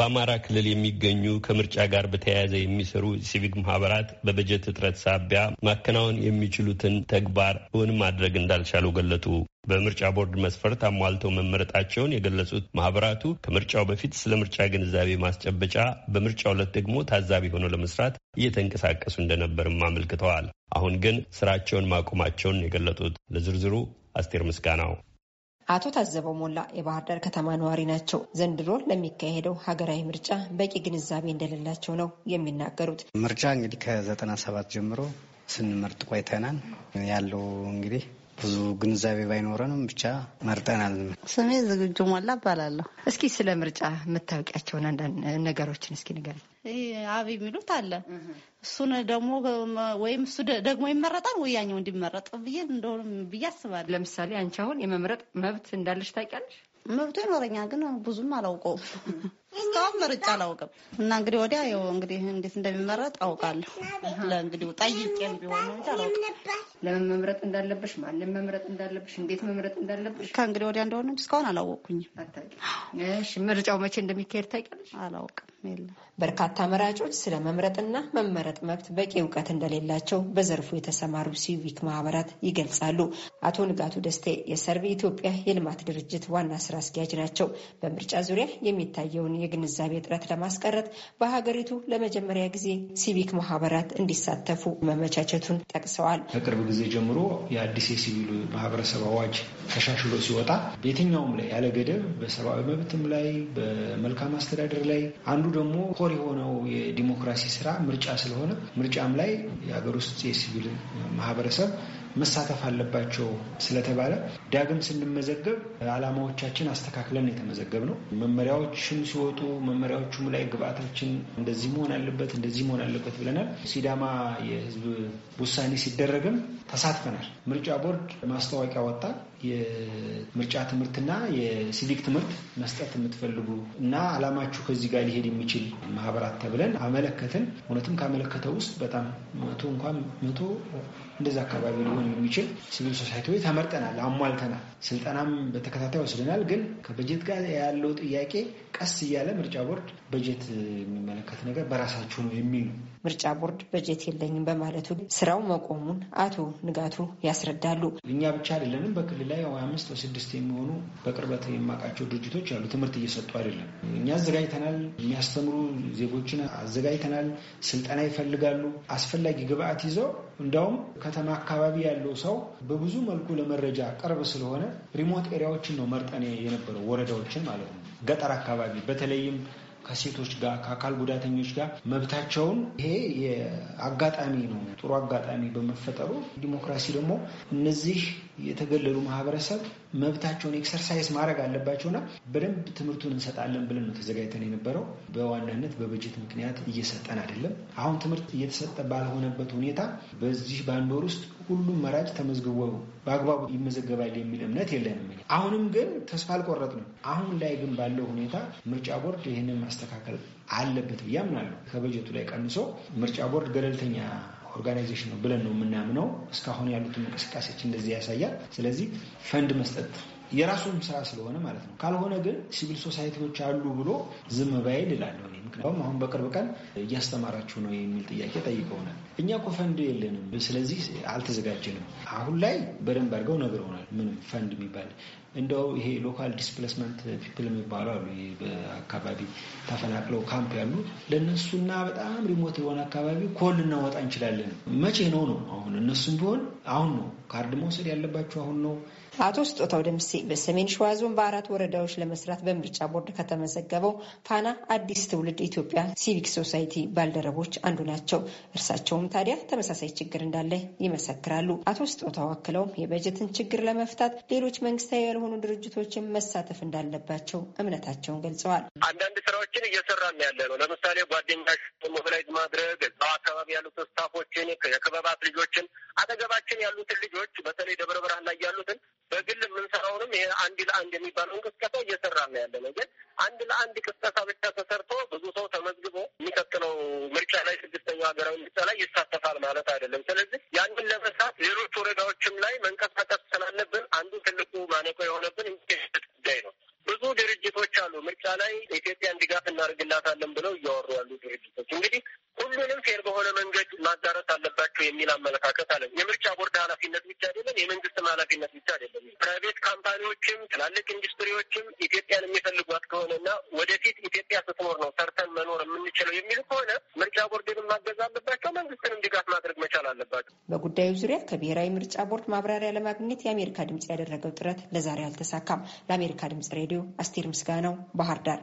በአማራ ክልል የሚገኙ ከምርጫ ጋር በተያያዘ የሚሰሩ ሲቪክ ማህበራት በበጀት እጥረት ሳቢያ ማከናወን የሚችሉትን ተግባር እውን ማድረግ እንዳልቻሉ ገለጡ። በምርጫ ቦርድ መስፈርት አሟልተው መመረጣቸውን የገለጹት ማህበራቱ ከምርጫው በፊት ስለ ምርጫ ግንዛቤ ማስጨበጫ፣ በምርጫ ዕለት ደግሞ ታዛቢ ሆኖ ለመስራት እየተንቀሳቀሱ እንደነበርም አመልክተዋል። አሁን ግን ስራቸውን ማቆማቸውን የገለጡት ለዝርዝሩ አስቴር ምስጋናው አቶ ታዘበው ሞላ የባህር ዳር ከተማ ነዋሪ ናቸው። ዘንድሮ ለሚካሄደው ሀገራዊ ምርጫ በቂ ግንዛቤ እንደሌላቸው ነው የሚናገሩት። ምርጫ እንግዲህ ከዘጠና ሰባት ጀምሮ ስንመርጥ ቆይተናል። ያለው እንግዲህ ብዙ ግንዛቤ ባይኖረንም ብቻ መርጠናል። ስሜ ዝግጁ ሞላ እባላለሁ። እስኪ ስለ ምርጫ የምታውቂያቸውን አንዳንድ ነገሮችን እስኪ ንገሪኝ። አብ የሚሉት አለ። እሱን ደግሞ ወይም እሱ ደግሞ ይመረጣል ወይ ያኛው እንዲመረጥ ብዬ እንደሆነ ብዬ አስባለሁ። ለምሳሌ አንቺ አሁን የመምረጥ መብት እንዳለሽ ታውቂያለሽ? መብቱ ይኖረኛል፣ ግን ብዙም አላውቀውም። እስካሁን መርጫ አላውቅም እና እንግዲህ ወዲያ እንግዲህ እንዴት እንደሚመረጥ አውቃለሁ። ለእንግዲህ ጠይቄ ቢሆን አላውቅም ለምን መምረጥ እንዳለብሽ፣ ማንም መምረጥ እንዳለብሽ፣ እንዴት መምረጥ እንዳለብሽ ከእንግዲህ ወዲያ እንደሆነ እስካሁን አላወቅኩኝም። ምርጫው መቼ እንደሚካሄድ ታውቂያለሽ? አላወቅም። በርካታ መራጮች ስለ መምረጥና መመረጥ መብት በቂ እውቀት እንደሌላቸው በዘርፉ የተሰማሩ ሲቪክ ማህበራት ይገልጻሉ። አቶ ንጋቱ ደስቴ የሰርቪ ኢትዮጵያ የልማት ድርጅት ዋና ስራ አስኪያጅ ናቸው። በምርጫ ዙሪያ የሚታየውን የግንዛቤ እጥረት ለማስቀረት በሀገሪቱ ለመጀመሪያ ጊዜ ሲቪክ ማህበራት እንዲሳተፉ መመቻቸቱን ጠቅሰዋል። ከቅርብ ጊዜ ጀምሮ የአዲስ የሲቪል ማህበረሰብ አዋጅ ተሻሽሎ ሲወጣ በየትኛውም ላይ ያለ ገደብ በሰብአዊ መብትም ላይ በመልካም አስተዳደር ላይ አንዱ ደግሞ ኮር የሆነው የዲሞክራሲ ስራ ምርጫ ስለሆነ ምርጫም ላይ የሀገር ውስጥ የሲቪል ማህበረሰብ መሳተፍ አለባቸው ስለተባለ ዳግም ስንመዘገብ አላማዎቻችን አስተካክለን የተመዘገብ ነው። መመሪያዎችም ሲወጡ መመሪያዎቹም ላይ ግብአታችን እንደዚህ መሆን አለበት፣ እንደዚህ መሆን አለበት ብለናል። ሲዳማ የህዝብ ውሳኔ ሲደረግም ተሳትፈናል። ምርጫ ቦርድ ማስታወቂያ ወጣ። የምርጫ ትምህርትና የሲቪክ ትምህርት መስጠት የምትፈልጉ እና አላማችሁ ከዚህ ጋር ሊሄድ የሚችል ማህበራት ተብለን አመለከትን። እውነትም ካመለከተው ውስጥ በጣም መቶ እንኳን መቶ እንደዛ አካባቢ ሊሆን የሚችል ሲቪል ሶሳይቲ ተመርጠናል፣ አሟልተናል። ስልጠናም በተከታታይ ወስደናል። ግን ከበጀት ጋር ያለው ጥያቄ ቀስ እያለ ምርጫ ቦርድ በጀት የሚመለከት ነገር በራሳችሁ ነው የሚሉ ምርጫ ቦርድ በጀት የለኝም በማለቱ ስራው መቆሙን አቶ ንጋቱ ያስረዳሉ። እኛ ብቻ አይደለንም። በክልል ላይ አምስት ስድስት የሚሆኑ በቅርበት የማውቃቸው ድርጅቶች አሉ። ትምህርት እየሰጡ አይደለም። እኛ አዘጋጅተናል። የሚያስተምሩ ዜጎችን አዘጋጅተናል። ስልጠና ይፈልጋሉ። አስፈላጊ ግብአት ይዘው እንደውም ከተማ አካባቢ ያለው ሰው በብዙ መልኩ ለመረጃ ቅርብ ስለሆነ ሪሞት ኤሪያዎችን ነው መርጠን የነበረው ወረዳዎችን ማለት ነው። ገጠር አካባቢ በተለይም ከሴቶች ጋር ከአካል ጉዳተኞች ጋር መብታቸውን ይሄ አጋጣሚ ነው። ጥሩ አጋጣሚ በመፈጠሩ ዲሞክራሲ ደግሞ እነዚህ የተገለሉ ማህበረሰብ መብታቸውን ኤክሰርሳይዝ ማድረግ አለባቸውና በደንብ ትምህርቱን እንሰጣለን ብለን ነው ተዘጋጅተን የነበረው። በዋናነት በበጀት ምክንያት እየሰጠን አይደለም። አሁን ትምህርት እየተሰጠ ባልሆነበት ሁኔታ በዚህ በአንድ ወር ውስጥ ሁሉም መራጭ ተመዝግቦ በአግባቡ ይመዘገባል የሚል እምነት የለንም። አሁንም ግን ተስፋ አልቆረጥንም። አሁን ላይ ግን ባለው ሁኔታ ምርጫ ቦርድ ይህንን ማስተካከል አለበት ብዬ አምናለሁ። ከበጀቱ ላይ ቀንሶ ምርጫ ቦርድ ገለልተኛ ኦርጋናይዜሽን ነው ብለን ነው የምናምነው። እስካሁን ያሉትን እንቅስቃሴዎች እንደዚህ ያሳያል። ስለዚህ ፈንድ መስጠት የራሱም ስራ ስለሆነ ማለት ነው። ካልሆነ ግን ሲቪል ሶሳይቲዎች አሉ ብሎ ዝም ባይል እላለሁ። ምክንያቱም አሁን በቅርብ ቀን እያስተማራችሁ ነው የሚል ጥያቄ ጠይቀውናል። እኛ እኮ ፈንድ የለንም፣ ስለዚህ አልተዘጋጀንም። አሁን ላይ በደንብ አድርገው ነግረውናል። ምንም ፈንድ የሚባል እንደው ይሄ ሎካል ዲስፕሌስመንት ፒፕል የሚባሉ አሉ። በአካባቢ ተፈናቅለው ካምፕ ያሉ ለእነሱና በጣም ሪሞት የሆነ አካባቢ ኮል እናወጣ እንችላለን። መቼ ነው ነው? አሁን እነሱም ቢሆን አሁን ነው ካርድ መውሰድ ያለባቸው አሁን ነው። አቶ ስጦታው ደምሴ በሰሜን ሸዋ ዞን በአራት ወረዳዎች ለመስራት በምርጫ ቦርድ ከተመዘገበው ፋና አዲስ ትውልድ ኢትዮጵያ ሲቪክ ሶሳይቲ ባልደረቦች አንዱ ናቸው። እርሳቸውም ታዲያ ተመሳሳይ ችግር እንዳለ ይመሰክራሉ። አቶ ስጦታው አክለውም የበጀትን ችግር ለመፍታት ሌሎች መንግስታዊ ያልሆኑ ድርጅቶችን መሳተፍ እንዳለባቸው እምነታቸውን ገልጸዋል። አንዳንድ ስራዎችን እየሰራን ያለ ነው። ለምሳሌ ጓደኛሽ ሞብላይዝ ማድረግ እዛው አካባቢ ያሉት ስታፎችን፣ የክበባት ልጆችን፣ አጠገባችን ያሉትን ልጆች በተለይ ደብረ ብርሃን ላይ ያሉትን በግል የምንሰራውንም ይሄ አንድ ለአንድ የሚባለው እንቅስቀሳ ነው ያለ ነው። ግን አንድ ለአንድ ቅስቀሳ ብቻ ተሰርቶ ብዙ ሰው ተመዝግቦ የሚቀጥለው በተለያዩ ሀገራዊ ምርጫ ላይ ይሳተፋል ማለት አይደለም። ስለዚህ ያንን ለመስራት ሌሎች ወረዳዎችም ላይ መንቀሳቀስ ስላለብን አንዱ ትልቁ ማነቆ የሆነብን ጉዳይ ነው። ብዙ ድርጅቶች አሉ ምርጫ ላይ ኢትዮጵያን ድጋፍ እናደርግላታለን ብለው እያወሩ ያሉ ድርጅቶች እንግዲህ ሁሉንም ፌር በሆነ መንገድ ማዳረስ አለባቸው የሚል አመለካከት አለ። የምርጫ ቦርድ ኃላፊነት ብቻ አይደለም፣ የመንግስትም ኃላፊነት ብቻ አይደለም። ፕራይቬት ካምፓኒዎችም ትላልቅ ኢንዱስትሪዎችም ኢትዮጵያን የሚፈልጓት ከሆነና ወደፊት ኢትዮጵያ ስትኖር ነው ሰርተን መኖር የምንችለው የሚል ከሆነ ምርጫ ቦርድንም ማገዝ አለባቸው፣ መንግስትንም ድጋፍ ማድረግ መቻል አለባቸው። በጉዳዩ ዙሪያ ከብሔራዊ ምርጫ ቦርድ ማብራሪያ ለማግኘት የአሜሪካ ድምጽ ያደረገው ጥረት ለዛሬ አልተሳካም። ለአሜሪካ ድምጽ ሬዲዮ አስቴር ምስጋናው ባህር ዳር